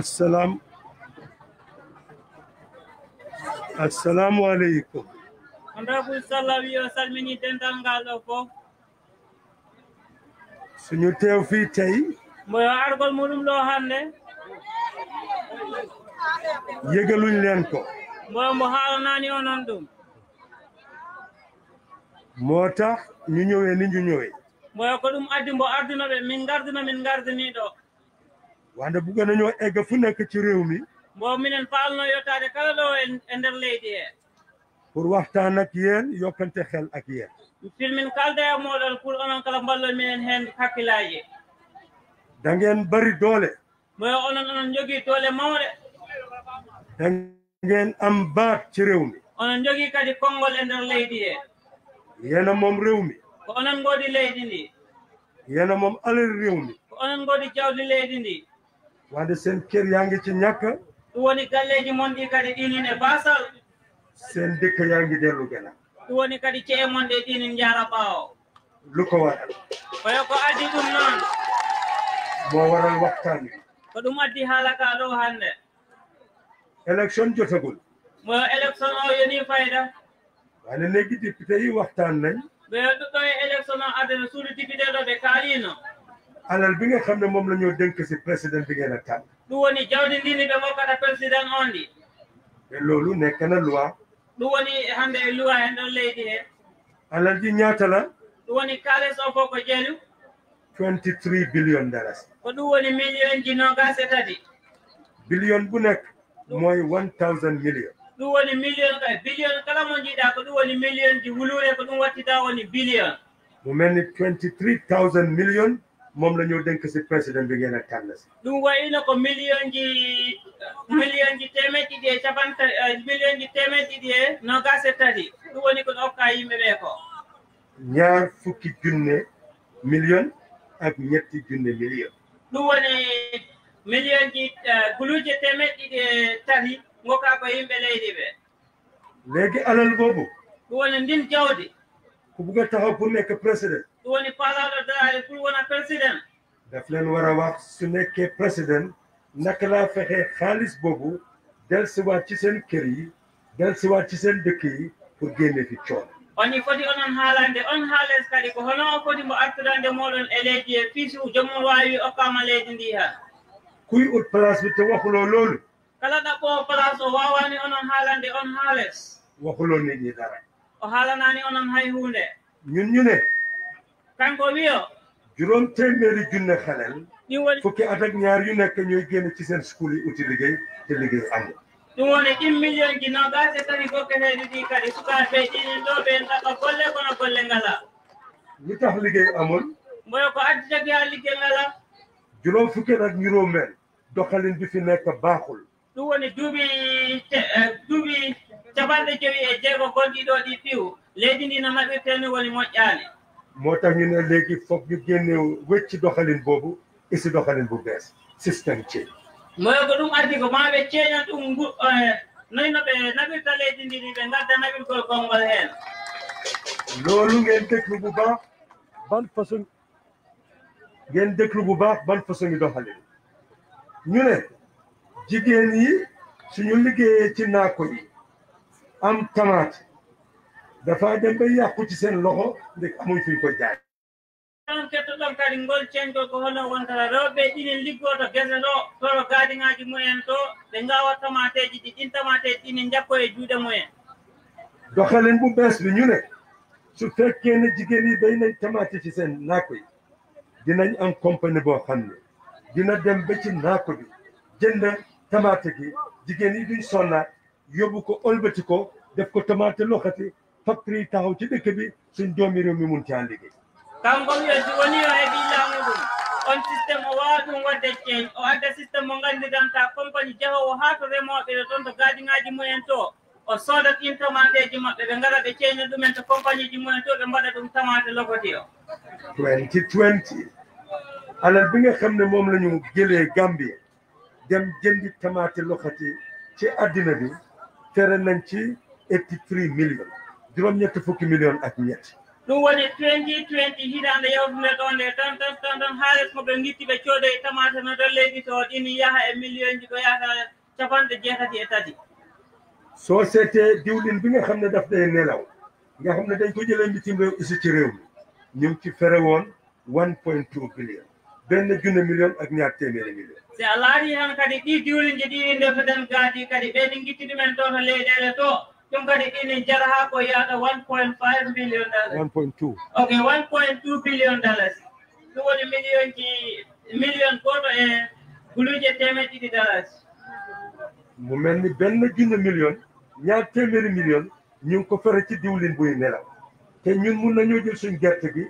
السلام السلام عليكم honorable salawi o salmini dental ngal ɗo fof suñu teew fii tey moyo argol muɗum ɗo hannde yëgaluñ leen ko moyo mo haalanani onon ɗum moo tax ñu ñëwee ni ñu ñëwee moyo ko ɗum addi mbo arduna ɓe min garduna min gardini ɗo wax wande buga nañoo egg fu nekk ci réew mi mbo minen faalno yottaade kala ɗo e nder leydi pour waxtaan ak yéen yokkante xel ak yéen filmin kalda e mooɗon pour onon kala mballol minen heen hakkillaaji da bari doole moyo onon onon jogii doole mawɗe da ngeen am baat ci réew mi onon jogii kadi konngol e nder leydi moom réew mi ko onon ngoodi leydi ndi yéena moom alal réew mi ko onon ngoodi jawdi leydi ndi wande seen kër yaa ngi ci ñàkk ɗum woni galleji mon ɗi kadi ɗinin e basal seen dëkk yaa ngi dellu ɗum woni kadi ce'e mon ɗe ɗinin jara ɓaawo lu ko waral koyo ko addi ɗum noon moo waral waxtaan ko ɗum addi haalaka ɗo hannde élection jotagul mo élection o yoni fayda wane léegi député yi waxtaan nañ ɓe ɗuɗɗo e élection o adana suudu dibiɗeɗo ɓe kaalino alal bi nga xam ne moom la ñoo dénk si président bi ngeen a tànn ɗum woni jawdi ndini ɓe gokkata président on ɗi e loolu nekk na loi ɗum woni hannde e loi hen ɗon leydi he alal ji ñaata la ɗum woni kales o fof ko jeelu 23 billion dollars ko ɗum woni million ji nogas e billion bu nekk mooy 1000 million ɗum woni million ka billion kala mo jiiɗa ko ɗum woni million ji wulure ko ɗum wattita woni billion mo mel ni 23000 million moom la ñu dénk si président bi ngeen a tànn si. ɗum wayino ko million ji million ji temed ɗiɗi e capanta euh, million ji temed ɗiɗi e nogas e tati ɗum woni ko okka yimɓe ɓe ko ñaar fukki junne million ak ñetti junne million ɗum woni million ji euh, guluje temed ɗiɗi e tati gokka ko yimɓe leydi ɓe léegi alal boobu ɗum woni ndin jawdi ko buga taxaw pour nekk président You want to call out that you want daf leen war a wax su nekkee président naka laa fexe xaalis boobu dellusiwaat ci seen kër yi dellusiwaat ci seen dëkk yi pour génne fi coon. oni foti onon haalande on haales kadi ko hono o foti mbo artirande moɗon e leydi e fiisu joomum wawi okkama leydi ndi ha kuy ut place bi te waxuloo loolu kala ɗaɓɓo place o wawani onon haalande on haales waxuloo nit ñi dara o haalanani onon hay hunde ñun ñu ne kanko wiyo juróom téeméeri junne xaleel ɗum woni fukki at ak ñaar yu nekk ñooy génn ci seen school yi uti liggéey te liggéey amul ɗum woni ɗin million ji nogase tati gokketeeɗi ɗi kadi sukaaɓe ɗinin ɗo ɓe ɗaɓa golle kono golle ngalaa li tax liggéey amul mboyo ko additaki haa liggéey ngalaa juróom fukki at ak juróomeel doxalin bi fi nekk baaxul ɗum woni duuɓi duuɓi capanɗe jowi e jeego gonɗi ɗo ɗi piw leydi ndi no maɓirteni woni moƴƴaani moo tax ñu ne léegi foog ñu génne wécci doxalin boobu si doxalin bu bees système change moyo ko ɗum ardi ko maaɓe ceeñan ɗum eh, noy no ɓe naɓirta leydi ndi ni ɓe ngadda naɓirgol konngol heen loolu ngeen déglu bu baax ban façon geen déglu bu baax ban façon yi doxalin ñu ne jigéen yi suñu liggéeye ci naako yi am tamaate dafa dem ba yàqu ci seen loxo ndek amuñ fuñ ko jaay ɗon kettoɗon kadi ngol ceengo ko hollon wontata rewɓe ɗinin liggoto gese ɗo toro gaadiŋaaji mumen to ɓe ngawa tomateji ɗi ɗin tomateji ɗinin jakko e juuɗe mumen doxalin bu bees bi ñu ne su fekkee ne jigéen yi bay nañ tomate ci seen naako yi dinañ am compagnie boo xam ne dina dem ba ci naako bi jënd tomate gi jigéen yi duñ sonnaat yóbbu ko ëlbati ko def ko tomate loxati factory taxaw ci dëkk bi suñ doomi réew mi mun woni yo on systéme o o systéme mo compagnie remoɓe to mumen to o soodat maɓɓe ɓe ngara ɓe ɗumen to compagnie ji mumen to ɓe mbaɗa ɗum tamate logoti 2020 alal bi nga xam ne moom la ñu jëlee Gambie dem jëndi tamate lokati ci àddina bi tere nañ ci 83 millions juróom-ñetti fukki million ak ñett ɗum woni 2020 hitande yewtude ɗon nde tan tan tan tan haalis moɓe gitti ɓe coodo e tamata no ɗon leydi to ɗini yaha e million ji ko yahata jeetati e tati société diwlin bi nga xam ne daf day nelaw nga xam ne dañ ko jëlee bitim réew isi ci réew mi ñu ngi ci fere woon one point two billion benn junne ak ñaar téeméeri million si a laari tan kadi diwlin ji ɗiɗi ndefeten gaadi kadi ɓeyɗi gitti ɗumen ɗo to leyɗele to ɗum kadi inin jara haa ko yaaɗa 1.5 million dollars 1.2 ok 1.2 billion dollars ɗum woni million ji million goto e eh, guluje temed ɗiɗi dollars mu mel ni benn junni million ñaar téeméeri million ñu ngi ko fere ci diwlin buy nelaw te ñun mun nañoo jël suñ gerte gi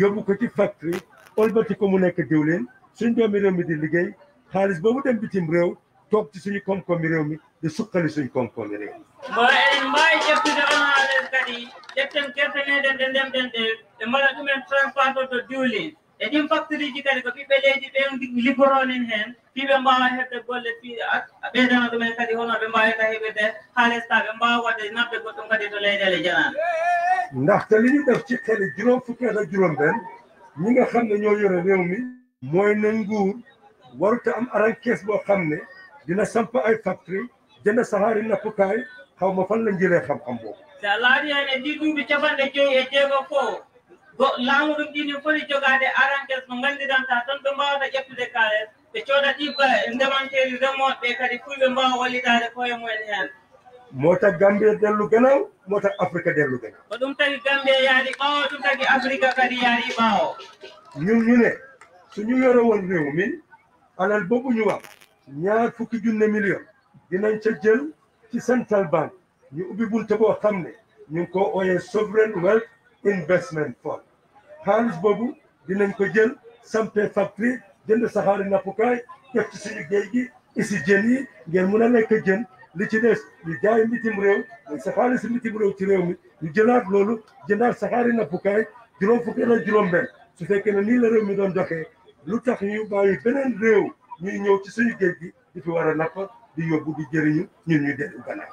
yóbbu ko ci factory olbati ko mu nekk diwlin suñ doomi réew mi di liggéey xaalis boobu dem bitim réew toog ci suñu koom-koomi réew mi di suqali suñu koom-koomi réew mi bara en mbawi ƴettude on haalen kadi ƴetten kertanede nde ndemɗen ɗe ɓe mbaɗa ɗumen transport to diwlin e ɗin factory ji kadi ko ɓiɓɓe leydi ɓen liggoronen heen fiiɓe mbawa heɓde golle fi ɓeydana ɗumen kadi hono ɓe mbawata heɓirde haalesta ɓe mbawa wadde nafde goɗɗum to leyɗele janano ndaxte li ñu def ci xel juróom fukki at juróom benn ñi nga xam ne ñoo yore réew mi mooy ne nguur warut a am arankees boo xam ne dina samp ay factory jënd saxaari nappukaay xaw ma fan la njëlee xam-xam boobu so laaɗi hen e ɗi duuɓi capanɗe joyi e jeego fof go laamu ɗum ɗini foti jogaade arankes mo nganndiranta tan ɓe mbaawata ƴettude kaales ɓe cooda ɗi ndemanteeri remooɓe kadi fuy ɓe mbaawa wallitaade koye mumen heen moo ta Gambia dellu gannaaw moo tax Afrique dellu gannaaw ko ɗum tagi Gambia kadi yaari ɓaawo ñun su ñu yore réew mi alal boobu ñu wax ñaar fukki junne million dinañ ca jël ci central bank ñu ubbi bunte boo xam ne ñu ngi ko ooyee sovereign wealth investment fo xaalis boobu dinañ ko jël sampee factory jënd saxaari nappukaay def ci suñu géej gi isi jën yi ngeen mun a lekk jën li ci des ñu jaay bitim réew muy saxaari si bitim réew ci réew mi ñu jëlaat loolu jëndaat saxaari nappukaay juróom fukki ak juróom benn su fekkee ne nii la réew mi doon joxe lu tax ñu bàyyi beneen réew ñu ñëw ci suñu géej gi di fi war a napp di yóbbu di jëriñu ñun ñu dellu gannaaw.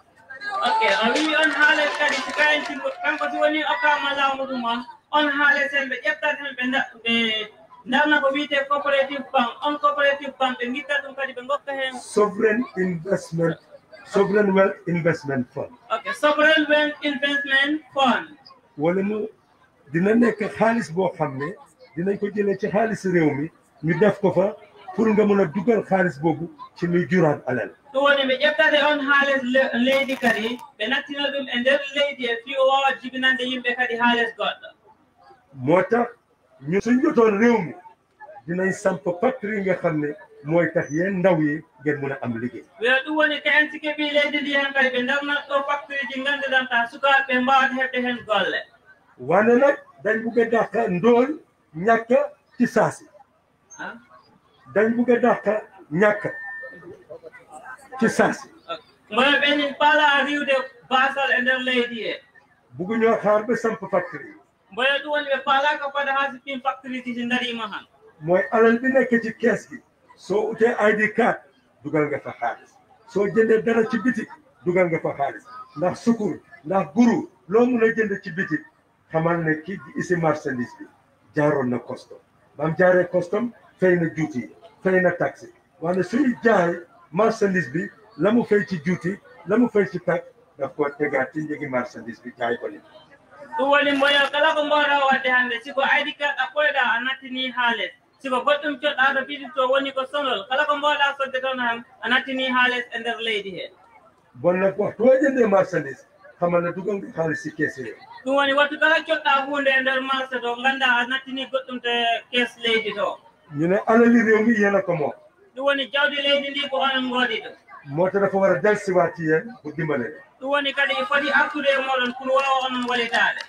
ok on wii on haala kadi so kayanti kankoti woni okkama laamuɗum on on haala sen ɓe ƴeftat hen ɓe ɓe darna ko wiyete coopérative bank on coopérative bank ɓe guitta ɗum kadi ɓe gokka hen sovereign investment sovereign investment fund ok sovereign wealth investment fund wala mu dina nekk xaalis boo xam ne dinañ ko jëlee ci xaalis réew mi ñu def ko fa pour nga mën a dugal xaalis boobu ci luy juraat alal ɗum woni mi ƴettata on haales leydi kadi ɓe nattina ɗum e nder leydi e fi wawa jibinande yimɓe kadi haales goɗɗo moo tax ñu suñ jotoon réew mi dinañ samp factory nga xam ne mooy tax ndaw yi ngeen mun a am liggéey wiya ɗum woni ko en sike ɓi leydi ndi hen kadi ɓe darnat ɗo factory ji ganduɗanta sukaɓe mbawat hebde hen golle wane nag dañ bugge dàqa ndóol ñàkk ci saasi dañ bugg a dàqa ñàkk ci saas mane ɓenin ɓaala a riwde baasal e nder leydi he buguñoo xaar ba samp factory mboya ɗum woni ɓe paalaka fada haa so ɗin factory ji ɗi ndariima han mooy alal bi nekk ci kees gi soo utee ID card dugal nga fa xaalis soo jëndee dara ci bitik dugal nga fa xaalis ndax sukur ndax guru loo mun a jënd ci bitik xamal ne kii isi marchandise bi jaaroon na custom bam jaaree custom fay na juuti yi payna taxe wano soni jaay marchandise bi lamu fey ci juuti lamu fey ci tag daf ko tegaa ti njegi marchandise bi jaay ko li ɗum woni moyo kala ko mbawɗa wadde hannde siko aydi kaɗɗa koyɗa a nattini haales siko goɗɗum coɗɗa to fiɗi to woni ko sonol kala ko mbawɗa sodde toon han a nattini haales e nder leydi he bonna ko to jende marchandise hamana dugonge haalis si kees he ɗum woni wattu kala coɗɗa hunde e nder marché to ngannda a nattini goɗɗum to kees leydi to ñu ne alali réew mi yéen a ko moom. ɗum woni jawdi leydi ndi ko onon ngoodi ɗum moo tax dafa war a del siwaat ci yéen bu dimbale ɗum woni kadi il foti artude e moɗon pour wawa onon walitaade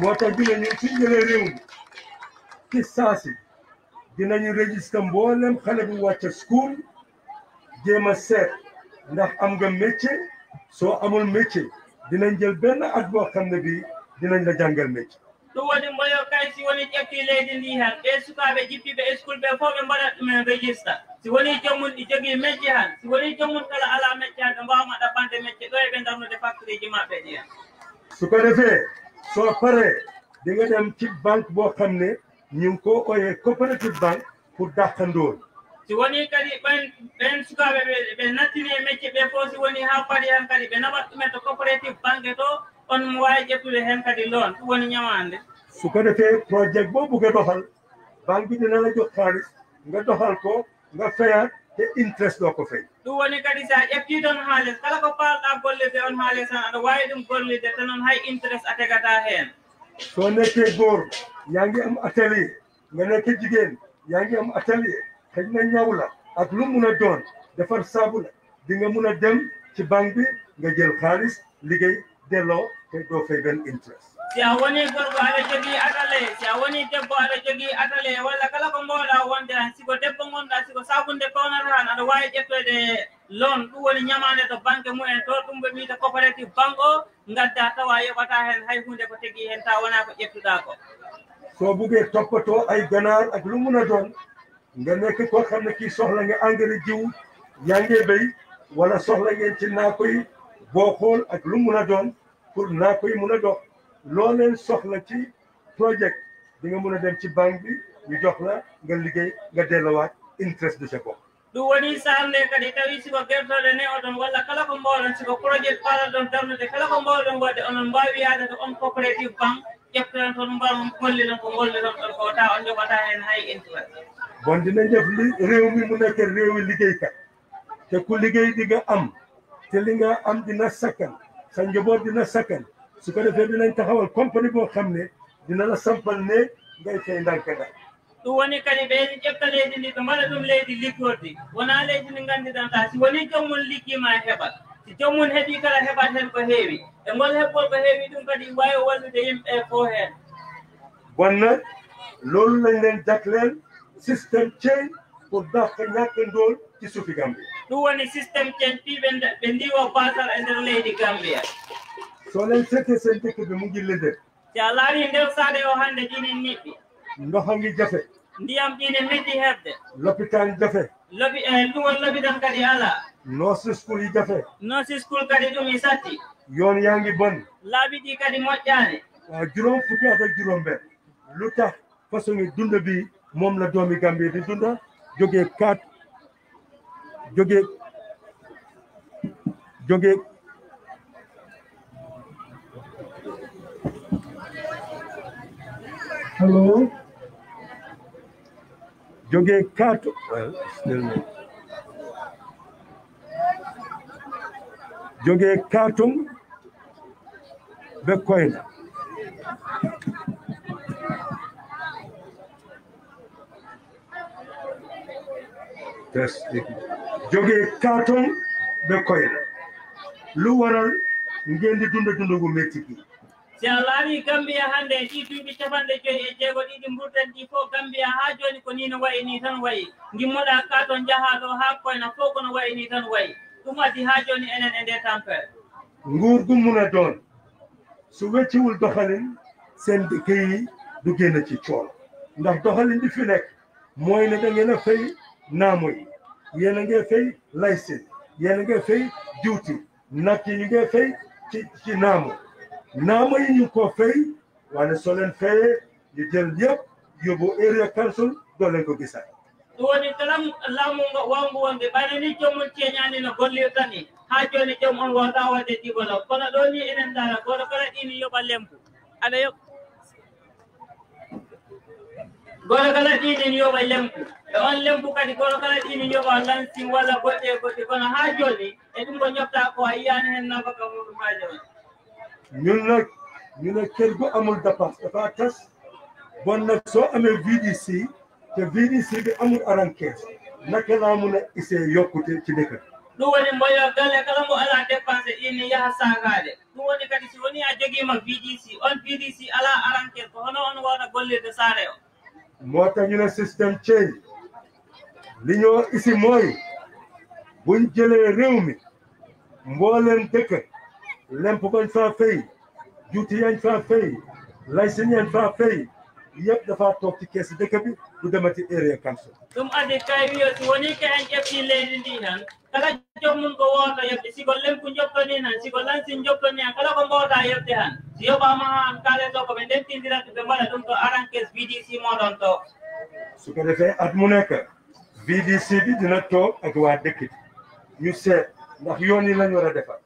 moo tax dina ñu suñ jëlee réew mi ci saasi dinañu registré mboolem xale bu wàcce school jéem a seet ndax am nga métier soo amul métier dinañ jël benn at boo xam ne bii dinañ la jàngal métier ɗum woni moyo kay si woni ƴetti leydi ndi han ɓe sukaɓe jippiɓe school ɓe fof ɓe mbaɗa ɗumen régista si woni jommum ɗi jogii mecce han si woni jommum kala ala mecce han ɓe mbawma ɗaɓɓande mecce ɗo eɓe darnude factory ji maɓɓe ɗi hen suka defe so pare di nga dem ci banque boo xam ne ñu ngi ko oye coopérative banque pour dàqandoor si woni kadi ɓen ɓen sukaɓe ɓe nattini e mecce ɓe fof si woni ha paari han kadi ɓe naɓat ɗumen to coopérative banque to on mo way ƴettude hen kadi loon ɗum woni ñawande ko defé projet bo buge dohal dina la jo haalis nga dohal ko nga feyat te interest do ko fay du woni kadi sa ƴetti don haalis kala ko paalɗa gollirde on haalis tan aɗa way dum gollirde te tanon hay interest a tegata hen so nekke gooro yangi am atelier nga nekke jigéen yangi am atelier xej na ñawla ak lu mu na doon defar sabu, di nga mun dem ci bank bi nga jël xaalis liggéey Delo ke doo fay benn interest si a e woni gorko aɗa jogii atale si a woni debbo aɗa jogii atale walla kala ko mbowɗa wonde siko debbo gonɗa siko sabunde pawnatoran aɗa wawi jettede loan du woni nyamane to mu en to dum be wiyta cooperative banko ngadda tawa yobata hen hay hunde ko tegi hen ta wona ko jettuda ko so buge topato ay ganar ak lu muna don nga nek ko xamne ki soxla nga engrais jiw yange ngee wala soxla ngeen ci naako boo xool ak lu mun a doon pour naa koy mun a dox loo leen soxla ci projet di nga mun a dem ci banque bi ñu jox la nga liggéey nga delluwaat interest bi sa bopp ɗum woni sarde kadi tawi siko gertode ne oɗon walla kala ko mbawɗon siko projet paala ɗon darnude kala ko mbawɗon wadde onon mbawi yaade to on coopérative banque ƴeftoɗon toon mbawa golliɗon ko golliɗon ɗon ko ta on jogoɗa hen hay interest bonde ne def réew mi mu nekk réewi liggéeykat te ku liggéey bi nga am te li nga am dina sakkan sa njaboot na sakkan su ko defee nañ taxawal compagnie boo xam ne dina la sampal ne ngay fay ndànkata ɗum woni kadi ɓeydi ƴefta leydi ndi ɓe mbaɗa ɗum leydi liggordi wona leydi ndi nganndiɗanta si woni jommum liggima heɓat si jommum heeɓi kala heɓat heen ko e ngol heɓgol ko heewi ɗum kadi wawi wallude yimɓe fo heen bonna loolu lañ leen jagleel systéme change pour dàq ñàkk ndóol ci suufi Gambie Luwani system can be vendido pasar entre leydi Gambia. So len sete sente ko be mugi lede. Ti alari ndel sade o hande dine nibi. Ndo hangi jafe. Ndiyam dine meji hebde. Lopitan jafe. Lobi eh luwan lobi dan kadi ala. Nurse school jafe. Nurse school kadi dum isati. Yon yangi bon. Labi di kadi mojjane. Juróom fukki at ak juróom benn. Lu tax façon dund bi Mom la Domi Gambie di dunda jógee quatre jógeeg jógeeg allo jógee kaatu jógee kaatum be koyna jogee carton be koyel luwaral ngendi dunde dundego mettiki si a laawi gambiya hannde e ɗi duuɓi capanɗe joyi e jeego ɗiɗi mburtan ɗi fof gambiya haa jooni ko nino wayi ni tan wayi ngimmoɗa carton jahaa ɗo haa koyna fof kono wayi ni tan wayi ɗum addi haa jooni enen e nde tampere nguurgu muna doon so weccewol dohalen sen de keyi dugeenaci cool ndax dohalen ndi fi nek moyne ɗe ngena fayi naamoyi yéen a ngi fay licence yéen a ngi fay duty nag yi ñu ngi fay ci ci naamu naamu yi ñu ko fay waaye soo leen fayee jël ñëpp yóbbu area council doo leen ko gisaat. woni kalam lamunga wangu wonde ɓayde ni jommum ceeñani no gollirta ni ha joni joom on wawɗa wadde ɗiɓolo kono ɗo ni enen dara goto kala ɗini yoɓa lembu aɗa goɗɗo kala ɗiɗin yoɓa lembu e on lembu kadi goɗɗo kala ɗiɗin yoɓa lansi walla goɗɗe e goɗɗe haa jolni e ɗum ko ñofta ko a yiyani hen nafaka muɗum haa ñun nag gu amul dépense dafa tas bon nag soo amee VDC te VDC bi amul arankees naka laa mun a isee yokkute ci dëkk bi ɗum woni mboyo galle kala mo ala dépense ɗinni yaha sakade ɗum woni kadi so woni a jogiima VDC on VDC ala arankees ko hono on wawata gollirde saare o moo tax ñu ne système change li ñoo isi mooy buñ jëlee réew mi mbooleem dëkk lemp bañ faa fay juuti yañ faa fay laysin yañ faa fay yep dafa tok ci caisse dëkk bi du demati area kay bi yo ci woni ke en jep ci len di nan kala jom mun ko wota ci ko len wooto yeɓde sigo lenku jottoni tan sigo lansin jottoni han kala ko mbowɗa yeɓde han si ma han kala do ko kaaleto koɓe ndemtindirata ɓe mbaɗa dum ko aran kes vdc mo don to su ko defee at mu nek vdc bi dina toog ak wa dëkk ñu seet ndax yoni lañ wara defal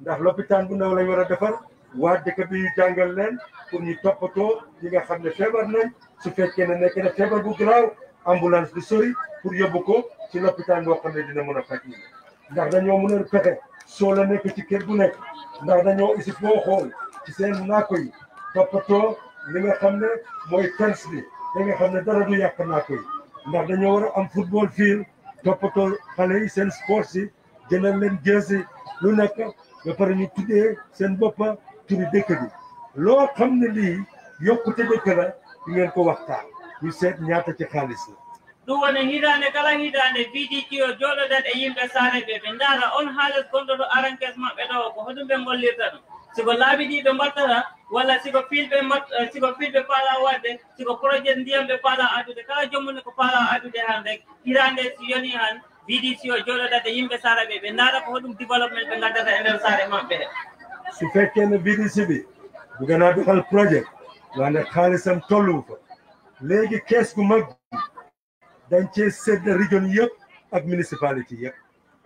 ndax l'hôpital bu ndaw lañ wara defal waa dëkk bi ñu jàngal leen pour ñu toppatoo ñi nga xam ne feebar nañ su fekkee ne nekk na feebar bu garaaw ambulance bi sori pour yóbbu ko ci lopitaan boo xam ne dina mën a faj ndax dañoo mën a pexe soo la nekk ci kër bu nekk ndax dañoo aussi boo xool ci seen naako yi toppatoo li nga xam ne mooy tens bi da nga xam ne dara du yàq naako yi ndax dañoo war a am football field toppatoo xale yi seen sports yi jëlal leen jersey lu nekk ba pare ñu tuddee seen boppa turi dëkk bi loo xam ne lii yokkute dëkk la di ngeen ko waxtaan ñu seet ñaata ci xaaliss la ɗum woni hitaande kala hitaande viidiji o jooɗodat e yimɓe saare ɓe ɓe ndaara on haalis gonɗo ɗo arankes maɓɓe ɗo ko hoɗum ɓe ngollirta ɗum siko laabi ɗi ɓe mbattata walla siko filɓe siko filɓe paala waɗde siko projet ndiyam ɓe paala addude kala jommune ko paala addude han rek hitaande si yoni han viidiji o jooɗodat e yimɓe saare ɓe ɓe ndaara ko hoɗum développement ɓe ngaddata e nder saare maɓɓe he su fekkee ne bi bu gën a doxal projet waaye nag xaalisam tollu fa léegi kees gu mag dañ cee sedd région yëpp ak municipality yëpp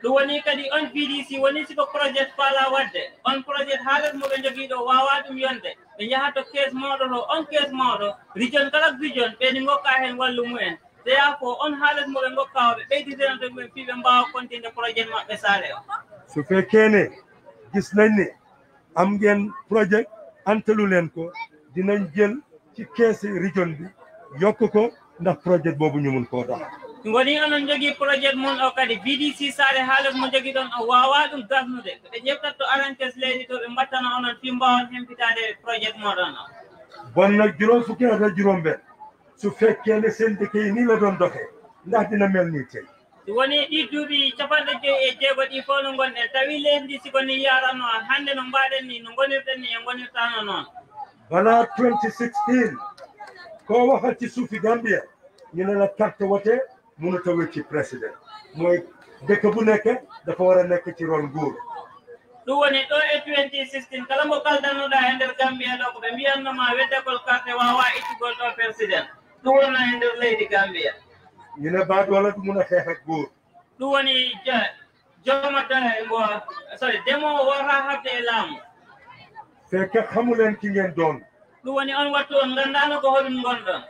ɗum woni kadi on pdc woni siko projet faala wadde on projet haalat muɓe jogiiɗo wawa ɗum yonde ɓe njaha kees mawɗo to on kees mawɗo region kala region ɓeydi gokka heen wallu mumen seya ko on haalat muɓe gokka o ɓe ɓeyditirante mumen fii ɓe mbawa continde projet maɓɓe saare o so gis nañ ne am ngeen projet antalu leen ko dina jël ci keesi région bi yokk ko ndax projet boobu ñu mun koo doxal ngoni onon jogii projet mon o kadi bdc saare haaloɓe mo jogii ɗon o waawa ɗum darnude ɓe ƴeftat to arantes leydi to ɓe mbattana onon fi mbawon hempitade projet moɗon o bon nag juróom fukki at ak juróom su fekkee ne seen dëkk yi nii la doon doxee ndax dina mel nii tey woni di dubi chapande je e je ɗi fo no gonde tawi leydi ndi sikoni no hande no mbaɗen ni no gonirɗen ni e ngoni gonirtano no bana 2016 ko wakati suufi gambia la carte wote munuta ci president moy dekk bu nek dafa war a nekk ci ron nguur ɗum woni ɗo e 2016 kala mo dano da hande e gambia do ko ma mbiyannoma kol carte wa ittugol ɗo do president wonna e lady gambia ñu ne baadoola du mun a xeex ak góor ɗum woni jomata ngo sorry demowo wota habde e laamu fekk leen ki ngeen doon ɗum woni on wattu on nganndano ko hoɗum ngonɗon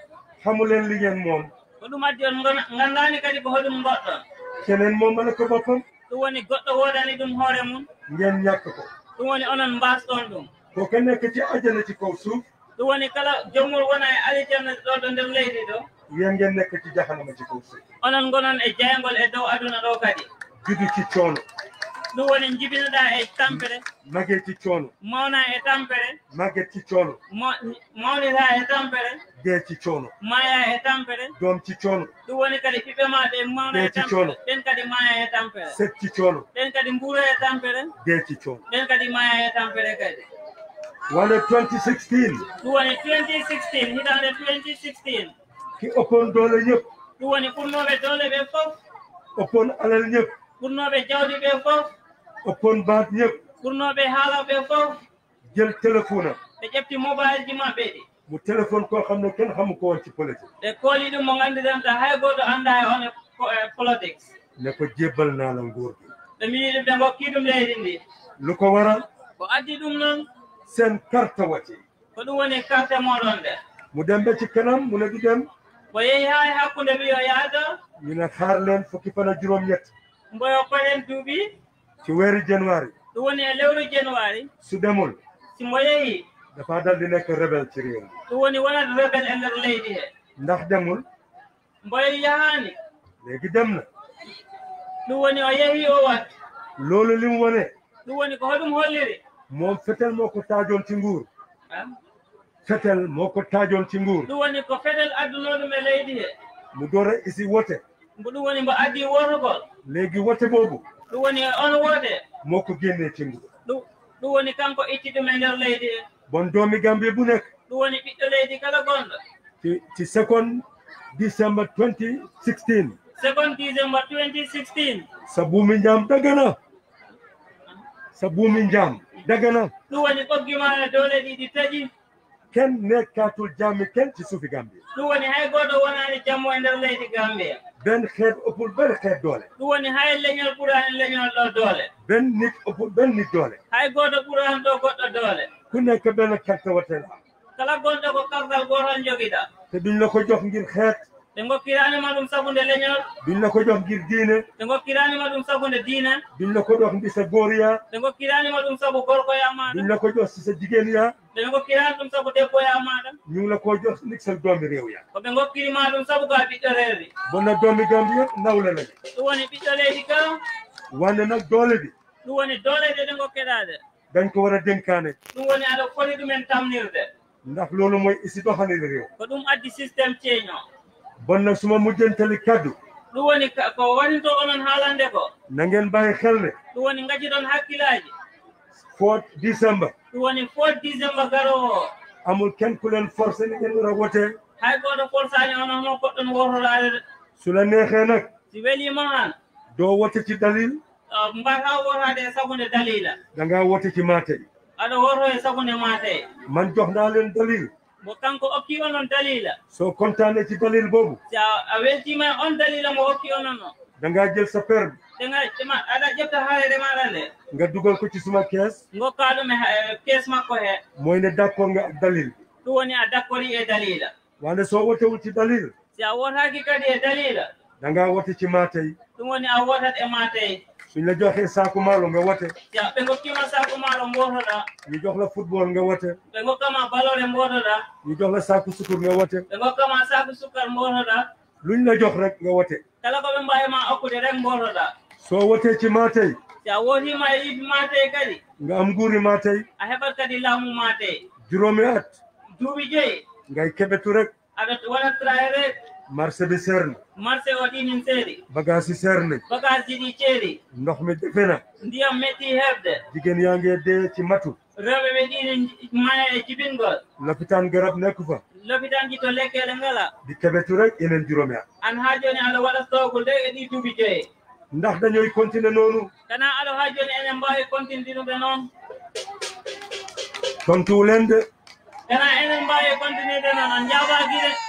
xamuleen leen ngeen moom ko ɗum addi on nganndani kadi ko hoɗum ngoɗɗon keneen moomala ko boppam ɗum woni goɗɗo woodani ɗum hoore mum ngeen ñàkk ko ɗum woni onon mbasɗon ɗum ko ka nekk ci ajana ci kaw suuf ɗum woni kala jommol wona e alijanna ɗo ɗo nder leydi yéen ngeen nekk ci jahanama ci kaw suuf onon gonon e jayngol e dow aduna ɗo kadi jibi ci coono ɗum woni jibinoɗa e tampere mage ci coono mawna e tampere ci coono mawnita e dee ci coono maya e tampere ci coono ɗum woni kadi ɓiɓɓe maɓe mawna e coono ɓen e tampere set ci coono ɓen kadi mburo e tampere dee ci coono ɓen kadi maya e tampere kadi wone 2016 ɗum woni ki ëppoon doole ñëpp ɗum woni ɓurnooɓe doole ɓe fof ëppoon alal ñëpp ɓurnooɓe jawdi ɓe fof ëppoon baat ñëpp ɓurnooɓe haala ɓe fof jël téléphone am ɓe ƴefti ji maɓɓe ɗi mo téléphone ko xam ne kenn xamu ko woon ci politique ɓe kooli ɗum mo nganndiranta hay gooto anndaa e one e politics ne ko jébbal naa la nguur gi ɓe mbiyi ɗum ɓe ngokkii ɗum leydi lu ko waral ko addi ɗum noon seen carte wati ko ɗum woni carte moɗon nde mu dem ba ci kanam mu ne du dem من خارلين فكيفنا جروم يت مبايا قولين دوبي تويري جنواري دواني اللولو جنواري سودمول سمويهي دفادل لنك ربل تريون دواني ولد ربل اللر ليديه ندح دمول مبايا يهاني ليك دمنا دواني ويهي اوات لولو لموني دواني قهدم هوليري موم فتل موكو تاجون تنغور ام fetel moo ko taajoon ci nguur ɗum woni ko fetel addunoɗum e leydi he mu doora isi wote mbo ɗum woni mbo addi wotogol léegi wote boobu ɗum woni on wote moo ko génnee ci nguur ɗum ɗum woni kanko itti ɗum e leydi bon doomi gambe bu nekk ɗum woni ɓiɗɗo leydi kala gonɗo ci second décembre 2016 second décembre 2016 sabu mi njam dagana sabu mi njam dagana ɗum woni ɓoggima e dow leydi ɗi taƴi kenn nekkaatul jàmmi kenn ci suufi Gambia. ɗum woni hay gooto wonaani jammo e ndeer leydi Gambia. benn xeet ëppul benn xeet doole. ɗum woni hay leñol ɓuraani leñol ɗo doole. benn nit ëppul benn nit doole. hay gooto ɓuraani ɗo goɗɗo doole. ku nekk benn carte wotel am. kala gonɗo ko kartal gooton jogiɗa. te duñ la ko jox ngir xeet. ɓe gokkiranima ɗum sagunde leñol billa ko ɗof ngir diine ɓe gokkiranima ɗum sagunde diinen billa ko ɗof ndi so gooriya ɓe gokkiranima ɗum sabu gorkoya maɗa billa ko ɗof so jigéen ya ɓe gokkirani ɗum sabu debboya maɗa ñugla ko ɗof ndi so doomi rewya koɓe gokkirima ɗum sabu ka ɓiɗɗo reeri bonna doomi gambiya nawlanani ɗum woni ɓiɗɗo leydi kam wande nag doole ɗi ɗum woni doole ɗe dañ ko wara denkane ɗum woni ndax loolu moy isi ɗohaniri rew ko addi systéme ceeño bon nag suma mujjantali kaddu ɗum woni ko woni to onon haalande ko na ngeen bàyyi xel ne ɗum woni ngajiɗon hakkillaaji four décembre ɗum woni garoo o amul kenn ku leen forcé ni ngeen war a wotee hay gooto forsaani onon mo goɗɗon wotoraade su la neexee nag si ma han doo wote ci dalil mbata wotaade e sagunde dalila da wote ci maate aɗa woto e maate man jox naa leen dalil mo kanko okki onon dalila soo kontaane ci dalil boobu so a weltima on dalila mo okki onon o da jël sa perbe da nga ma aɗa nde nga dugal ko ci suma kees gokkaa ɗum e eh, kees makko he moy ne d' accord nga woni a d' accord e dalila wande so wotewul ci dalil so a wotaaki kadi e dalila da wote ci maatay ɗum woni a wotat e maatay suñ la joxee saako maalo nga wote ya ɓe gokkima saako maalo mbotoɗa ñu jox la football nga wote ɓe gokkama balole mbotoɗa ñu jox la saako sukur nga wote ɓe gokkama saako sukar mbotoɗa luñ la jox rek nga wote kala ko ɓe mbawima okkude rek mbotoɗa so wote ci matey si a wotima e yiibi matey kadi nga am guuri matey a heɓat kadi laamu matey juróomi at duuɓi joyi ngay keɓetu rek aɗa waɗa traye rek marché bi seer na. marché waɗi nin seeri. bagage yi seer nañ. bagage yi di ceeri. ndox mi defe ndiyam metti heɓde. jigéen yaa ngi dee ci matu. rewɓe ɓe ɗiɗi maya e jibingol. lopitaan garab nekku fa. lopitaan ji to lekkele ngala. di keɓetu rek yeneen juróomi an haa jooni Allah waɗa soogul de e ɗi duuɓi ndax dañoy continuer noonu. kana alo haa jooni enen mbaawi continuer noon. tontuwu de. kana enen mbaawi continuer noon on jaabaaki de.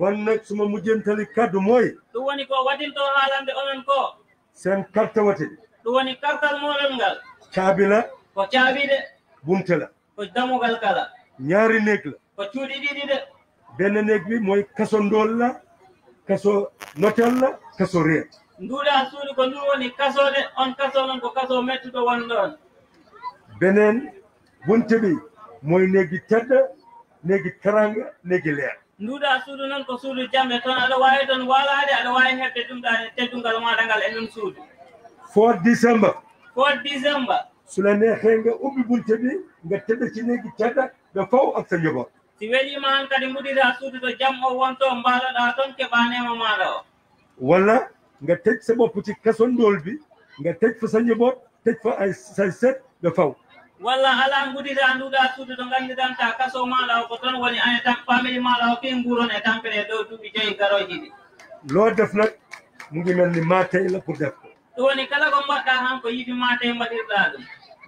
bon nag suma mujjentali kaddu moy du woni ko watinto haalande onon ko sen karta wati du woni kartal moɗon ngal chaabi la ko chaabi de bunte la ko gal kala ñaari néeg la ko cuuɗi ɗiɗi de ben néeg bi moy kasso ndol la kaso notel la kasso reet ndula suudu ko ndun woni kasso de on kasso non ko metti do won don benen bunte bi moy néegi tedd néegi karanga néegi leer Nuda suudu non ko suudu jamde toon aɗa wawi toon walade aɗa wawi hebde ɗumɗa teddungal maɗa ngal e ɗum suudu for december for december so ne xenge ubi ubbi bi nga tëdd ci néegi tedda da faw ak sa ci weli ma han kadi da suudu to jam o wonto mbaaloɗa toon keɓanema ma o wala nga tëj sa bop ci kaso ndóol bi nga fa sa jobo tëj fa ay sa set da faw walla ala gudita nduɗa tudde ɗo ganndiran ta kaso maɗa o ko toon woni ane tan famille maɗa o fin guron e tampere ɗow e duuɓi joyi garoji ɗi lo def nak mugi melni mateyla pour def ko ɗum woni kala ko mbaɗɗa han ko yiɗi matey mbaɗirɗa ɗum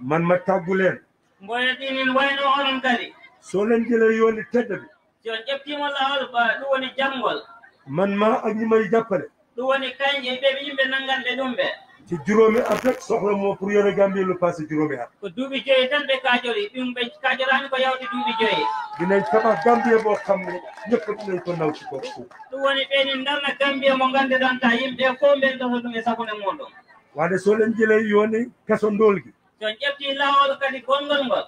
man mbatta gulen mboyatimin wayno onon kadi sonen jele yoni tedde ɓe jon ƴeftima lawol ba ɗum woni jamgol man ma a ñimay jappale ɗum woni kañƴe ɓeɓe yimɓe nangganɓe ɗum ɓe ci juróomi at rek pour yore Gambie lu passé juróomi at ko duubi joye tan ɓe kaajoli ɗum ɓe kaajolaani ko yawde duubi joye dinañ tabax Gambie boo xam ne ñëpp dinañ e sagune mum ɗum e waade so leen jëlee yooni kaso ndóol gi son laawol kadi gonngol ngol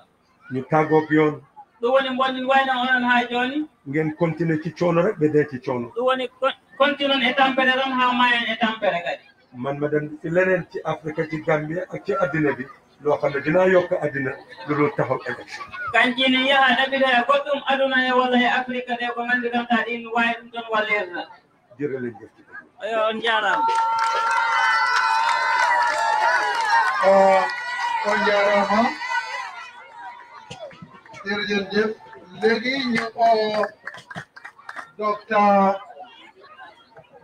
ñu tàggoog yoon ɗum woni bonni wayno onon haa jooni ngeen continuer ci coono rek ɓe dee ci coono ɗum woni continue e tampere tan haa maayen e tampere kadi man ma dem ci leneen ci Afrique ci Gambie ak ci àddina bi loo xam ne dinaa yokk àddina lu dul taxaw élection kanjini yaha dabida ko tum aduna ya walla e afrique de ko man gandiranɗa ɗin wawi ɗum ɗon wallirna jërëlen jëf yo on jarama ah, on jarama ah. jërëgen jëf léegi ñu o ah, docteur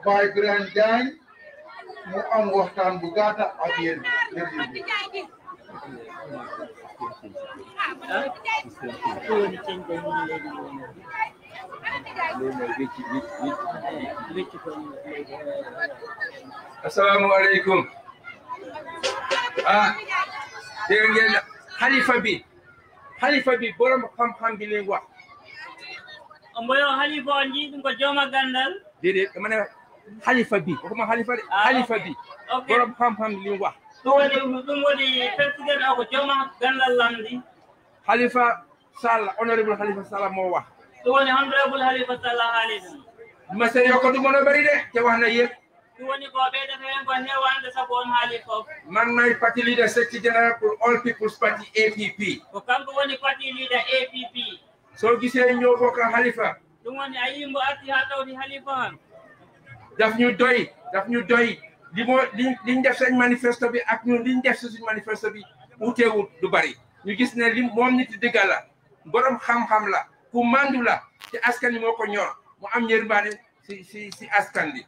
Baye Birane Diagne mu am waxtaan bu gàtta ak yéen asalaamaaleykum ah dégg ngeen xalifa bi xalifa bi borom xam-xam bi leen wax. mboyo xalifa nji ko jooma gandal déedéet dama ne xalifa bi waxuma xalifa de xalifa bi borom xam-xam li mu wax ɗum waɗi ɗum waɗi fettugueɗa ko jooma gandal lamdi xalifa salla honorable xalifa salla mo wax ɗum woni honorable xalifa salla haali ɗum masere yokko ɗumono ɓari de te wax na yek ɗum woni ko ɓeydata hen ko hewande saabu on haali foof mannayi parti leader secti général pour all peoples party app ko kanko woni parti leader app so gisee ñoo bokka xalifa ɗum woni a yimbo arti ha tawdi halifa daf ñu doy daf ñu doy li mo li ñu def seen manifeste bi ak li ñu def suñ manifeste bi wu du bari ñu gis ne li mom nit dëgga la borom xam-xam la ku mandu la ci askan yi ko ñor mu am yërmande si si si askan bi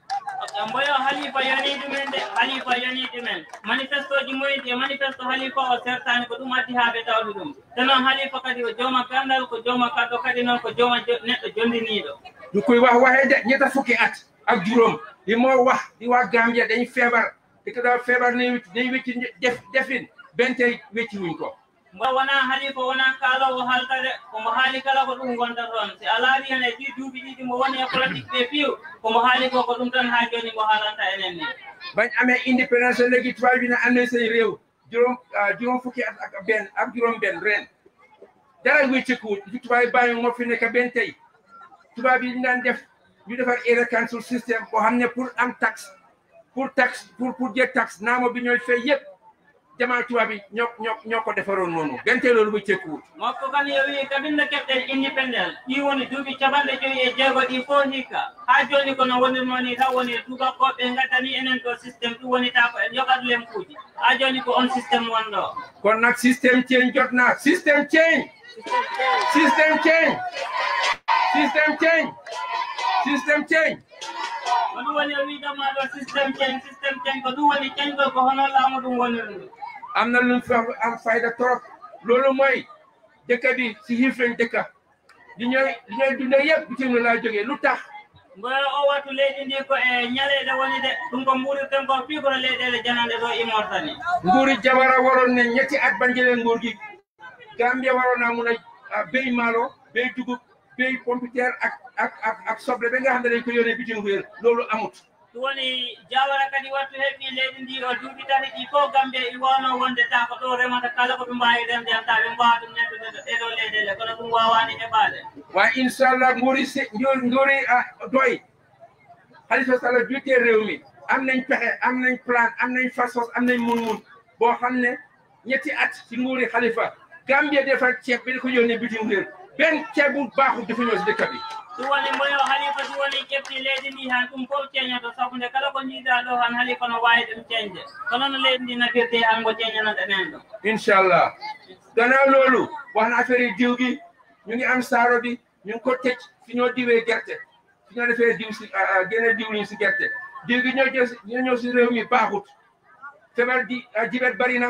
mboyo halifa di men de halifa di men manifesto di moy di manifesto halifa o sertani ko ɗum addi haaɓe tawde dum te halifa kadi ko jooma kandal ko jooma kadɗo kadi non ko jooma do du koy wax waxe wahede ñeta fukki at ak juróom li moo wax di waa Gambia dañ feebar te ko daal feebar nañ nañ wecci def defin benn tey wecci wuñ ko mboɗa wona haali ko wona kaalowo haalkade kala ko ɗum si a laawi hen e ɗi duuɓi ɗiɗi mo woni e tan ha joni mo haalanta bañ ame indépendance légui tuwawina annen sen rew juróom ah, juróom at ak benn ak juróom benn ren dara wecci ko tubawi bawi mo fi nekk benn def ñu defar area council system boo xam ne pour am taxe pour taxe pour pour tax taxe naamo bi ñooy fay yëpp jamaa tubaab bi ñoo ñoo ñoo ko defaroon noonu gante loolu muy tekkuwut moo ko kan yowi kabinda keftel independent ɗi woni duuɓi capanɗe joyi e jeego ɗi fof hikka haa jooni kono wonirno ni tan woni tubakoɓe gaddani enen ɗo systéme ɗum woni ta ko en yoɓat lempuuji haa jooni ko on systéme wonɗo kono nak systéme change jotna systéme change systéme change systéme change system change oɗum woni o a system change system change ko ɗum woni cañgol ko hono laamu ɗum woniri ndu am na lu am fayda trop loolu mooy dëkk bi si xiif lañ dëkka li ñooy li ñooy dundee yëpp bitim laa lu tax mboyo o wattu leydi ndi ko eh, e a woni de ɗum ko mbuurirten ko fii kono leyɗeele janande ɗo immortani nguuri jamara waroon ne ñetti at bangeleen nguur gi Gambia waroon naa mun a ah, béy maalo béy dugub pay computer ak ak ak ak soble be nga xam ne dañ ko yónnee bitim réew loolu amut woni jawara kadi wattu heɓni leydi ndi o duuɓi tati ɗi fof gambe i wawno wonde ta ko ɗo remata kala ko ɓe mbawi remde han ta ɓe mbawa ɗum nettude ɗo ɗeɗo leyɗele kono ɗum wawani heɓade wa inchallah guri guri doy halifa sallah jutte rewmi am nañ pexe am nañ plan am nañ façon am nañ mun-mun boo xam ne ñetti at ci nguuri halifa gambie defar ceeb bi di ko yónnee bitim benn ceeb bu baaxul dafa ñëw si dëkk bi ɗum woni moyo halifa ɗum woni ƴefti leydi ndi hay ɗum fof ceeñoto sabu nde kala ko jiida ɗo tan halifa no wawi ɗum ceeñde kono no leydi ndi nafirte ango ceeñanat enen ɗo inchallah gannaaw loolu wax na affaire yi diw gi ñu ngi am saaro bi ñu ngi ko tëj fi ñoo diwee gerte fi ñoo defee diw si ah, ah, génne diwlin si gerte diw gi ñoo ñoo ñëw si réew mi baaxut feebar di ah, jibet bari na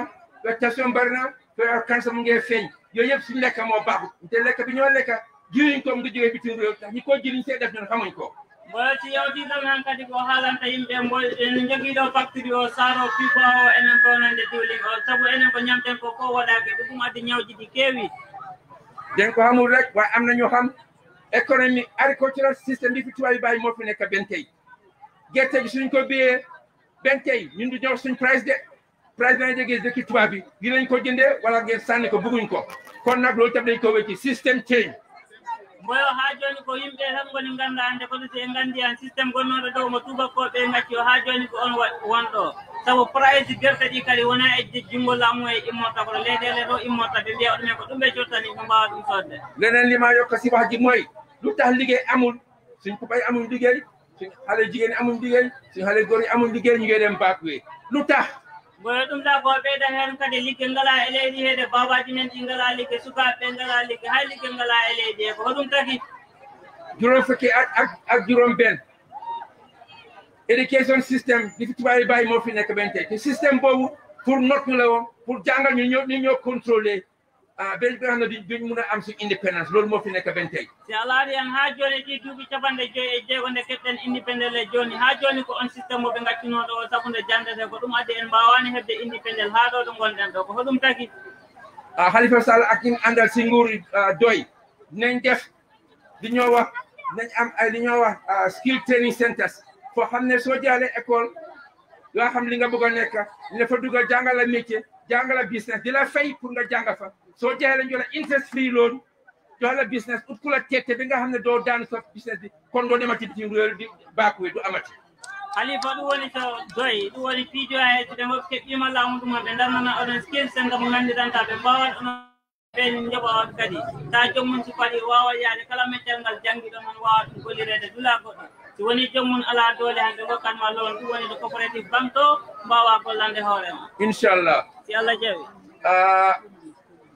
tension bari na feebar cancer mu ngee feeñ yooyu yëpp suñu lekk moo baaxut te lekk bi ñoo lekk jëriñ ko nga jógee bitim réew tax ko jëriñ see def ñun ko mboɗo si yawtitan kadi ko haalanta yimɓe mbo en jogiiɗo facturi o saaro fibo o enen fewnande diwlin o sabu enen ko ñamten ko ko waɗaake ko ɗum addi ñawji ɗi keewi den ko hamul rek way am nañu xam économie agricultural système bi fi tubaab yi moo fi nekk bentey gerte gi suñ ko biyee bentey ñun du ñëw suñ price de président jógee dëkki tubaab bi dinañ ko jëndee wala ngeen sànni ko bëgguñ ko kon nag loolu tam dañ ko wecci système change mboyo ha joni ko yimɓe tan goni ganduɗa hande koto so en gandi han systéme gonnoɗo dow mo tubakoɓe gacci o ha joni ko on wonɗo saabu price guerta ɗi kadi wona e junggo laamu e immorta koto leyɗele ɗo immorta ɓe mbiya ɗumen ko ɗum ɓe cottani ɓe mbawa ɗum sodde lenen lima yokka sibaji moy lu tax liggéey amul suñ pupay amul liggéey suñ amul liggéey suñ haale gori amul lu tax बोले तुम ता गोबे दा हेर का दिल्ली केंगल आले दी हे बाबा जी ने केंगल आले के सुका पेंगल आले के हाली केंगल आले दी हो तुम ता की juróom fukki ak ak ak juróom benn éducation système bi fi tubaab yi bàyyi moo fi nekk benn tey te système boobu pour not ñu la woon pour jàngal ñu ñoo ñu ñoo contrôler Ah, ben bi nga xam ne am si indépendance loolu moo fi nekk ben tey si alaari en haa jooni ɗi duuɓi capanɗe joyi e jeego nde keɓɗen jooni haa jooni ko on systéme o ɓe ngaccuno ɗo o sabu nde jandete ko ɗum addi en mbawani heɓde indépendel haa ɗo ɗo gonɗen ɗo ko taki ah, halifa sall ak ñim àndal si nguur ah, doy nañ def li ñoo wax nañ am ay li ñoo wax skill training centers foo xam ne soo jaalee école yoo xam li nga bëgg a nekk la fa dugal jàngala métier jàngala business di la fay pour nga jàng fa so ƴeyla jola interest fri loon jola business utkula tette ɓe nga xam ne dow daan sot business bi kon ɗo ɗemati tiɗi bakuwe du amati halifa ɗum woni to doy ɗum woni piijo a hettude mof keɓɓima laamuɗuma ɓe darnana oɗon skilsen gamo nanndiranta ɓe mbawan on ɓen jaɓaon kadi ta jommun si paɗi wawa yaade kala meccal ngal janngiɗo man wawa ɗum golirede dula goɗɗo si woni jommun ala doole han ɓe gokkanma loon ɗum woni to coopérative banque to mbawa gollande hoorema inchallah si allah jawi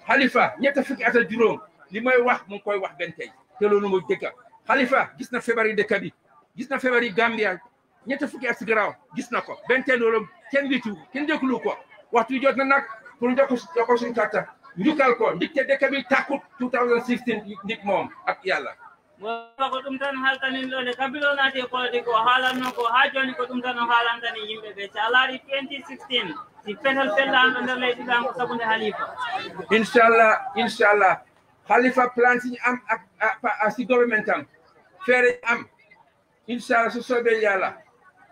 xalifa ñett fukki at ak juróom li may wax mu ngi wax benn tey te loolu mooy dëkka xalifa gis na feebar yi dëkka bi gis na feebar yi Gambia ñett fukki at si garaaw gis na ko benn tey loolu kenn witu kenn déglu ko wax tu jot na nag pour njokk njokk suñu kàttan njukkal ko ndik te dëkka bi tàkkut 2016 ndik moom ak yàlla wala ko ɗum tan haltanin ɗo nde kabilonati e politique o haalanno ko ha joni ko ɗum tan o haalantani yimɓe ɓe so a laari 2016 si fetel fellaanɗo nder leydi ɗan ko sabude halifa inchallah inchallah halifa plantini am a sigoɓe men tan feere am inchallah so soɓe yaala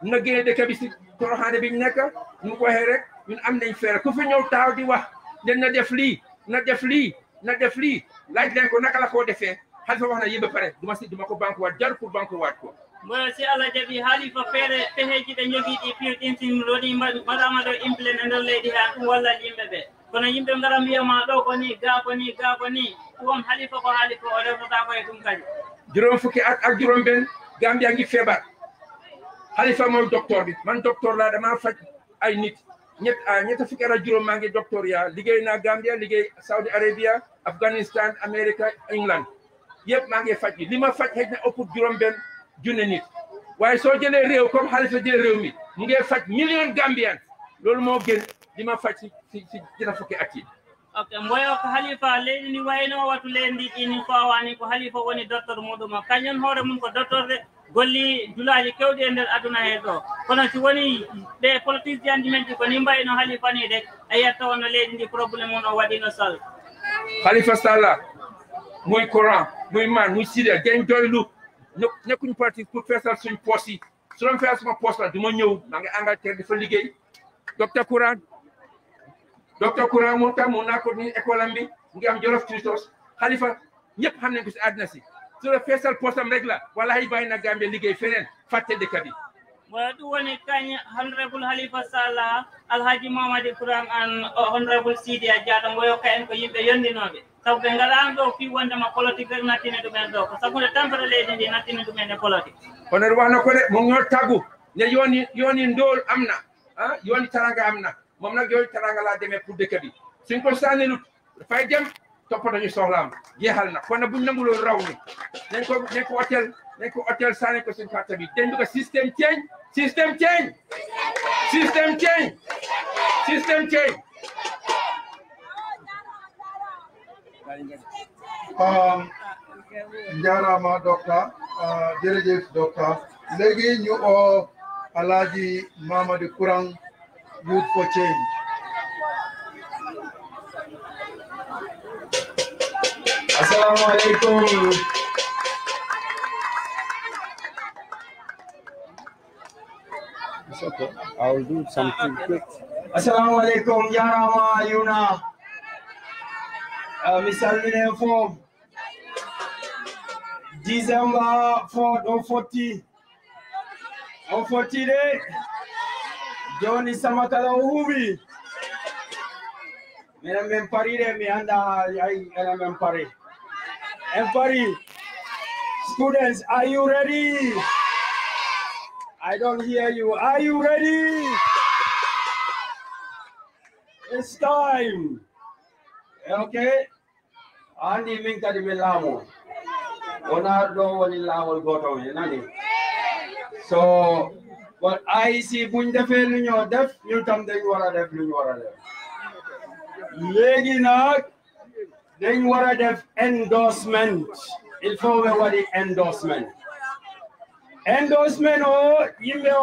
no gueɗe kadi si torohande ɓe nekka ɗum ko he rek min amdañ feere fi ñëw taawdi wa nden no def lii no def lii na def lii laaj len ko naka la ko defee xalifa wax na yëpp ba pare duma si duma ko banque waat jar pour banque waat ko mboyo si allah jaɓi haalifa feere peheji ɓe jogii ɗi pirɗintin loni mbaɗama ɗo impléne leydi he an ɗum wallal yimɓe ɓe kono yimɓe ngara mbiyama ɗo koni ga koni ko haali ko o rewtata koye ɗum kadi juróom fukki at ak juróom ɓen ngi feebar haalifa moom docteur bi man docteur laa dama faj ay nit ñett ah, ñetta fukki at ak juróom maa yaa liggéey naa gambia liggéey saudi yeɓmage faƴƴi lima faƴƴi hedna oppude jurom ben junne nit waye so jene rew comme haalifa jene rewmi muge faƴ million gambian loolu moo gen lima faƴ si si jena fukki atti ok mboyo ko halifa leydi ndi wayno wattu leydi ndi ini ko awani ko halifa woni docteur muɗuma kañon hoore mum ko docteurde golli julaji kewɗi e nder aduna he ɗo kono si woni ɓe politice jandi men ɗi koni mbayno halifa ni de a yiyat tawa no leydi ndi probléme on o waɗino sal halifa sallah muy courant muy maan muy sida dañ doylu nekkuñu parti pour feesal suñ poos yi su doon feesal suma poos la du ma ñëw maa ngi Angleterre dafa liggéey docteur courant docteur courant moom tam mu naa ko ni école am bi ngi am jolof tuutos xalifa ñëpp xam ne ko si àddina si su la feesal poosam rek la walaay bàyyi na Gambie liggéey feneen fàtte dëkk bi a do one can Honorable Halifa Salah, Alhaji Mamadi Kurang, and Honorable Sidi Ajadam, Woyoka, and Koyimbe Yondinobe. sabu ɓe ngaɗano ɗo fi wonde ma politique ɓe ko sabude tampere leydi ndi nattini ɗumen e politique hono ɗo wano kode mo ngol tagu ne yoni ah, nag yoni taranga la deme pour dëkk bi suñ ko sanni lut fay dem toppatoo ñu soxlaam jeexal na kon nag buñ nanguloon raw ni nañ ko nañ ko hôtel nañ ko hôtel sànni ko suñ carte bi dendu ko système change système change système change système change Um, njaaraama docteur uh, docteur ñu Youth for Change Assalamu alaikum. okay. I'll do something quick. Assalamu alaikum, Yarama Yuna. Uh, Mr. Alvin form. December 4th, 140. 140 day. Johnny Samakala Uhumi. Mena mempari de mi anda ay mena mempari. Empari. Students, are you ready? I don't hear you. Are you ready? It's time. Okay andi min kadi mi laamo wona ɗo woni laawol gotol e nani so bon IEC buñ defee lu ñoo def ñu tam dañ war a def lu ñu war a def léegi nag dañ war a def endorsement il faut we waɗi endorsement endorsement o yimɓe o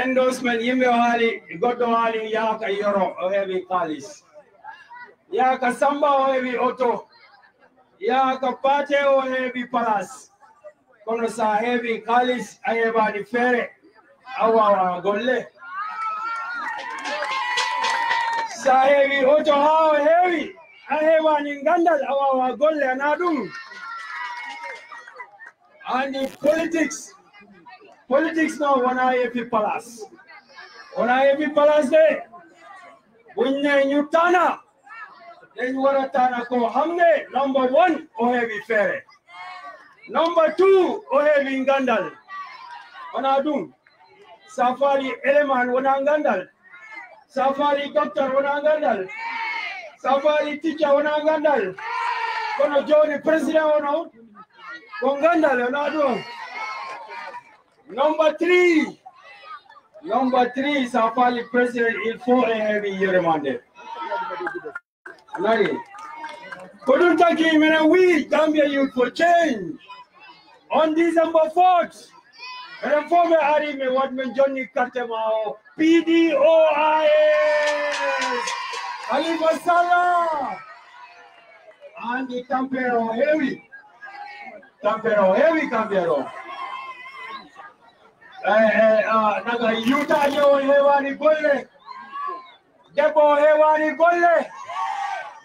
endorsement yimɓe o haali goɗɗo haali yaaka yoro o heɓi kalis kasamba o heɓi oto ya kapate o heɓi palas kono sa heɓi kalis a heɓani feere a wa golle sa heɓi oto ha o ayeba a ngandal awa a wawa golle ana ɗum andi politics politics no wona yefi palas wona yefi palas de ɓuñe ñuttana Lenguara Tanako Hamne, number one, Ohevi Fere. Number two, Ohevi Ngandal. Wanadum. Safari Eleman Wanangandal. Safari Doctor Wanangandal. Safari Teacher Wanangandal. Kono Johnny President Wano. Wangandal Wanadum. Number three. Number three, Safari President Il Fore Heavy Yeremande. Anani. Kudutaki imena we Gambia Youth for Change on December 4th. And former Ari what me Johnny Katemao PDOIS Ali Basala and the Tampero Heavy Tampero Heavy Tampero. Eh, eh, ah, naga Utah yo hewani golle. Debo hewani golle.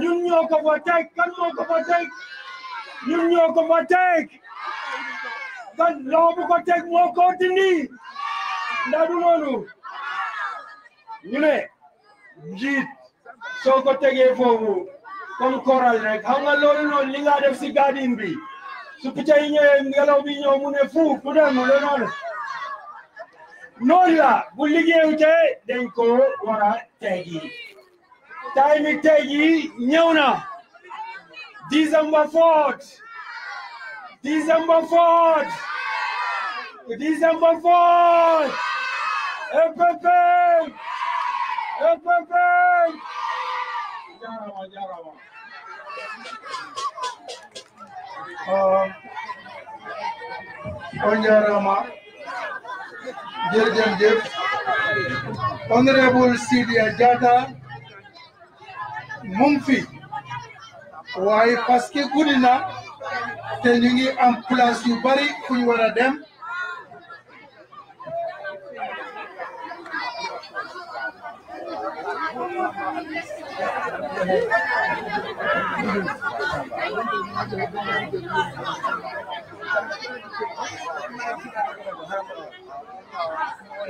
ñun ñoo ko fa teg kan moo ko fa teg ñun ñoo ko fa kan loxo bu ko teg moo ko du noonu ñu ne njiit soo ko tegee foofu comme koral rek xam nga loolu noonu li nga def si gardin bi su yi ñëwee ngelaw bi ñëw ne fuuf mu dem loolu noonu noonu la bu liggéeyu te dañ ko Time mi tey jii ñëw na December fourth December fourth December fourth epepe epepe uh, jarama jarama on jarama jërëjëf honorable Sidia Jatta Mumfi, waye parce que guddi na ñu ngi am place yu bari fu ñu dem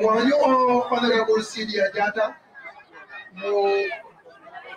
Well, you all, Honorable Celia Jata, no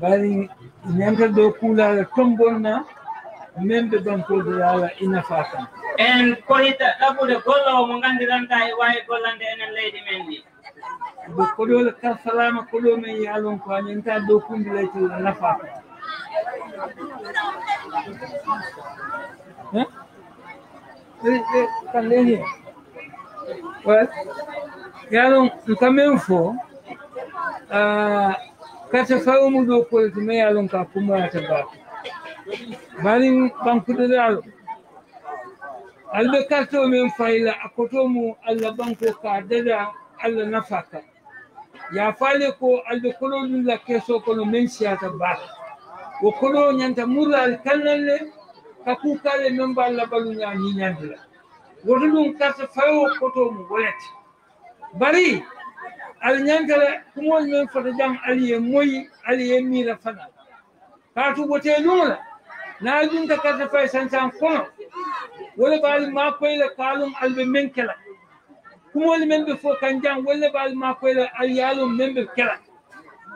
bari ñantal do kuulala tombonna membe ɓe bankoɓe yaala ina fa kam en koyita ɗaɓɓude gollowo mo nganndiranta e wawi gollande enen leydi men ndi bo koɗole kal salama koɗo men yaalon ko anenta dow kumbi leytila nafa kam leni yaalon kamen fo ka ta kawo mu doko kuma yaron kafin mu ta ba malin ban kudu da albe ka to min faila akoto mu Allah ban ko ka dada Allah na faka ya fale ko albe kolo dun la keso ko no men siya ta ba ko kolo nyanta murra al le, ka ku kale men ba Allah balu nya ni nyandira wotu dun ka ta fawo koto mu walati bari alñankala kumol men fota jam aliye moyi aliye miila fana bote nuŋla na junta karta fay sansan kono wala baali makoyla kalum albe men kela kumol men ɓe fo kan jam walla baali makoyla aliyalum men ɓe kela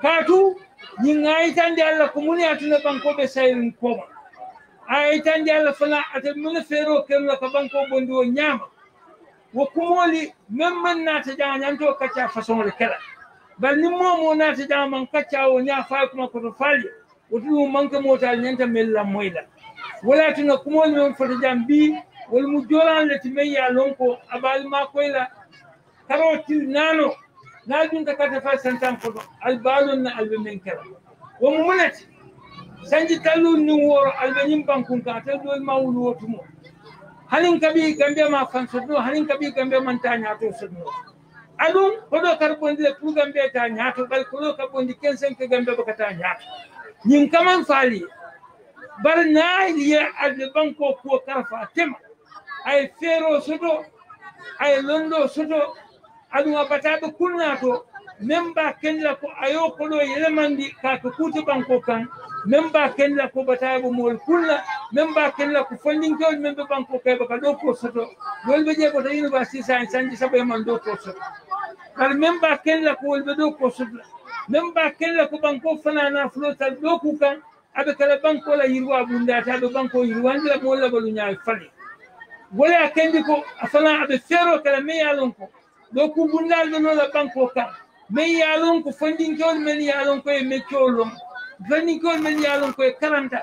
katu ñiŋayitande allah ko muni atuna ɓankoɓe sayrin koma ayitande allah fana ata fero feero kemla ko ɓanko bondi o nyama. وكمولي ممن ناتجا نانتو كتا فسون الكلا بل نمو مو ناتجا من كتا ونيا فاك ما كنت فالي وتلو منك موتا ننتا ملا مويدا ولكن كمولي من فرجان بي والمجوران لتميا لونكو أبال ما كويلا كروتي نانو نادون كتا فاسنتان فضو البالون البمين كلا وممنتي sanji tallu نوور woro albe nyim bankun ka tan hanin kabi gambe ma kansudo hanin kabi gambe man ta nyato sudo adun kodo karbon de ku gambe ta nyato bal que ke gambe ta a fali bar ya banko ko ay fero sudo ay londo sudo adun abata be kunna to memba kenla ko ayo yelemandi ka to kuti banko kenla men ba kella ko follinkewol men ɓe banko keɓe ka ɗo prosoto wolɓe ƴeɓoto université science sanji saabu e man ɗo prosoto kala men ba kella ko wolɓe ɗo prosoto men ba kella ko banko fanana flotal ɗo kukan aɓe kala banko la yirwa ɓundata aɓe banko yirwandira mo labalu ñaawi fale wala kendi ko fana aɓe feero kala men yalon ko ɗo ku bundal ɓe noon la banko kan men yalon ko fondinkewol men yalon koye meccowol lon fondinkewol men yalon koye karanta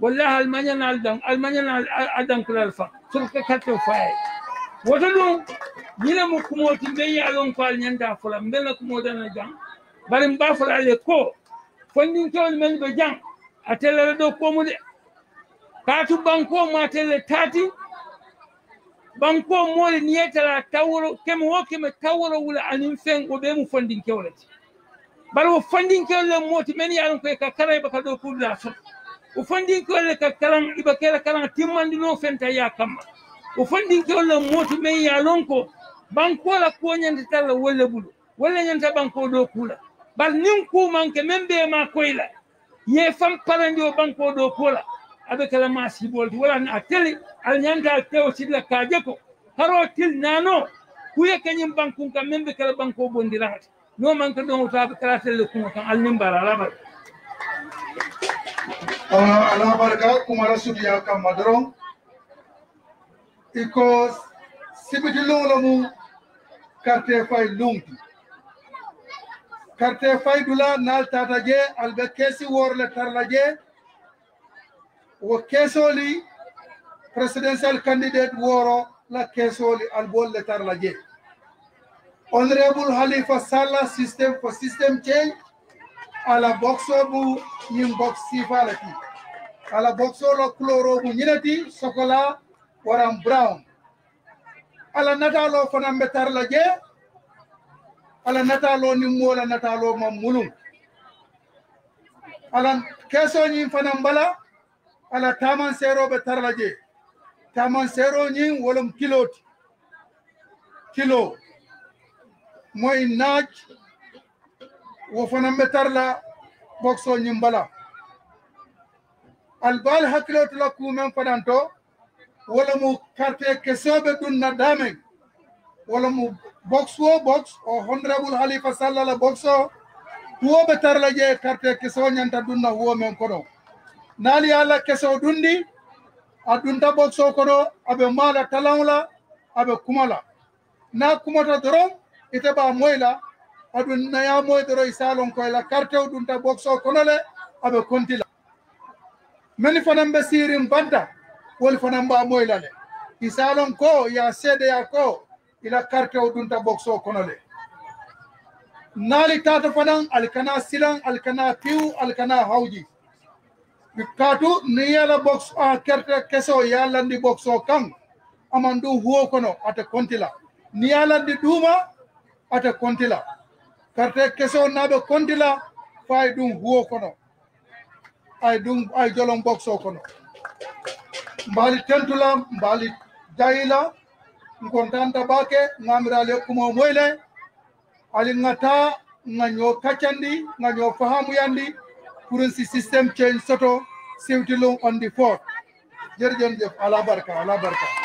wallahi almaña naal dan almaña naal a dankulal fa surka katto faye woto ɗum ñina mo kumoti mbe yaalon ko al ñanda fula mbela jan bari mba fulale ko fondinkewol men ɓe jan a tellere ɗo komude katu banko ma telle tati banko mole niyetala tawro keme wo keme tawro wula anin fen o ɓe mo fondinkewlete bari wo fondinkewol le moti men yaalon koye ka karaye baka ɗo kuɗɗa sota o fandinkiwol le ka kalan i be kalan timmandino fenta ya kamma o fandinkiwol le mootu men ya lon ko banko la kuwo ñantata la wolle bulu wolle ñanta banko do kula bari nin kumanke men be ma koyla la ye fam parandi o banko do kula abe kala ma sibol wala a teli ala ñanta tewo sidla kaje haro til nano kuye kañum bankun kam men be kala banko bondira no manke do ta kala tele kuma kan alnin la alaɓata alabarka kumara sudiya kamma doron iko sibiti karte fay karte presidential candidate woro la keesoli le tarla honorable halifa sala system for system change a ala boxo bu ñin box a la boxo lo cloro bu ñinati sokola waran brown a ala natalo fana mbetar la je ala natalo ni mola natalo ma mulum ala keso ñin fana mbala ala taman sero be tarla je taman sero ñin wolum kiloti kilo moy naaj wo fanan be tarla boxo ñim bala albal hakkilotola kumen fananto wala mu carte kesoɓe ɗum naddamen wala mu box wo box o honorable halifa sallala box o huwoɓe tarla ƴe carte keso ñanta ɗumna huwo men koɗo naali allah keso ɗumɗi a ɗumta boxo o koɗo aɓe maala talanla aɓe kumala na kumata doron iteɓa moyla naya moy ɗoro roy salon koy la carte o ɗum ta box kono le konti kontila meli fanam be sirim banta woni fanan mba moylale le, salon ko ya ya ko ila carte o ɗum ta box tato kono le alkanatiu tata fanan alkana silan alkana piw alkana box a kerte keso ya box o kang, amandu huo kono ata kontila ni yalandi duma ata kontila karte keso naɓe kondila fay ɗum huwo kono ay dum ay jolon bokso kono mbaali tentula mbaali jayila gontanta bake gamirali hokkumo moyle ali gata gaño kachandi gaño fahamuyandi pour si system change soto siwtilum on the fourth jerjen jon jef ala barka ala barka